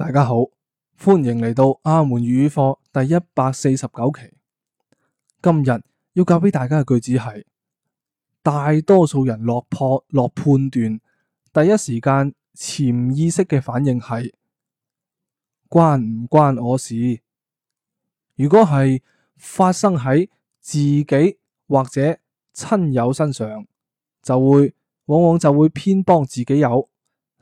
大家好，歡迎嚟到阿門粵語課第一百四十九期。今日要教俾大家嘅句子係：大多數人落破落判斷，第一時間潛意識嘅反應係關唔關我事？如果係發生喺自己或者親友身上，就會往往就會偏幫自己友，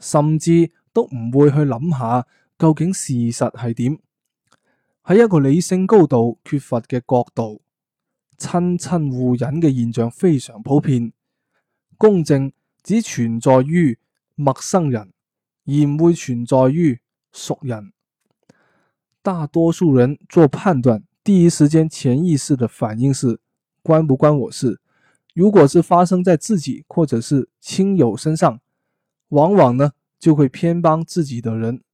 甚至都唔會去諗下。究竟事實係點？喺一個理性高度缺乏嘅國度，親親互隱嘅現象非常普遍。公正只存在於陌生人，而唔會存在於熟人。大多數人做判斷，第一時間潛意識嘅反應是關唔關我事？如果是發生在自己或者是親友身上，往往呢就會偏幫自己的人。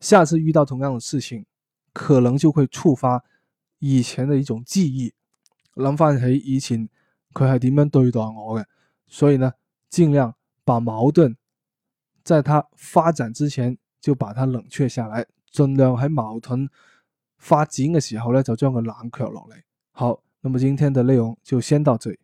下次遇到同樣的事情，可能就會觸發以前的一種記憶，諗返起以前佢係點樣對待我嘅。所以呢，盡量把矛盾在他發展之前就把它冷卻下來，盡量喺矛盾發展嘅時候呢，就將佢冷卻落嚟。好，那麼今天的內容就先到這裏。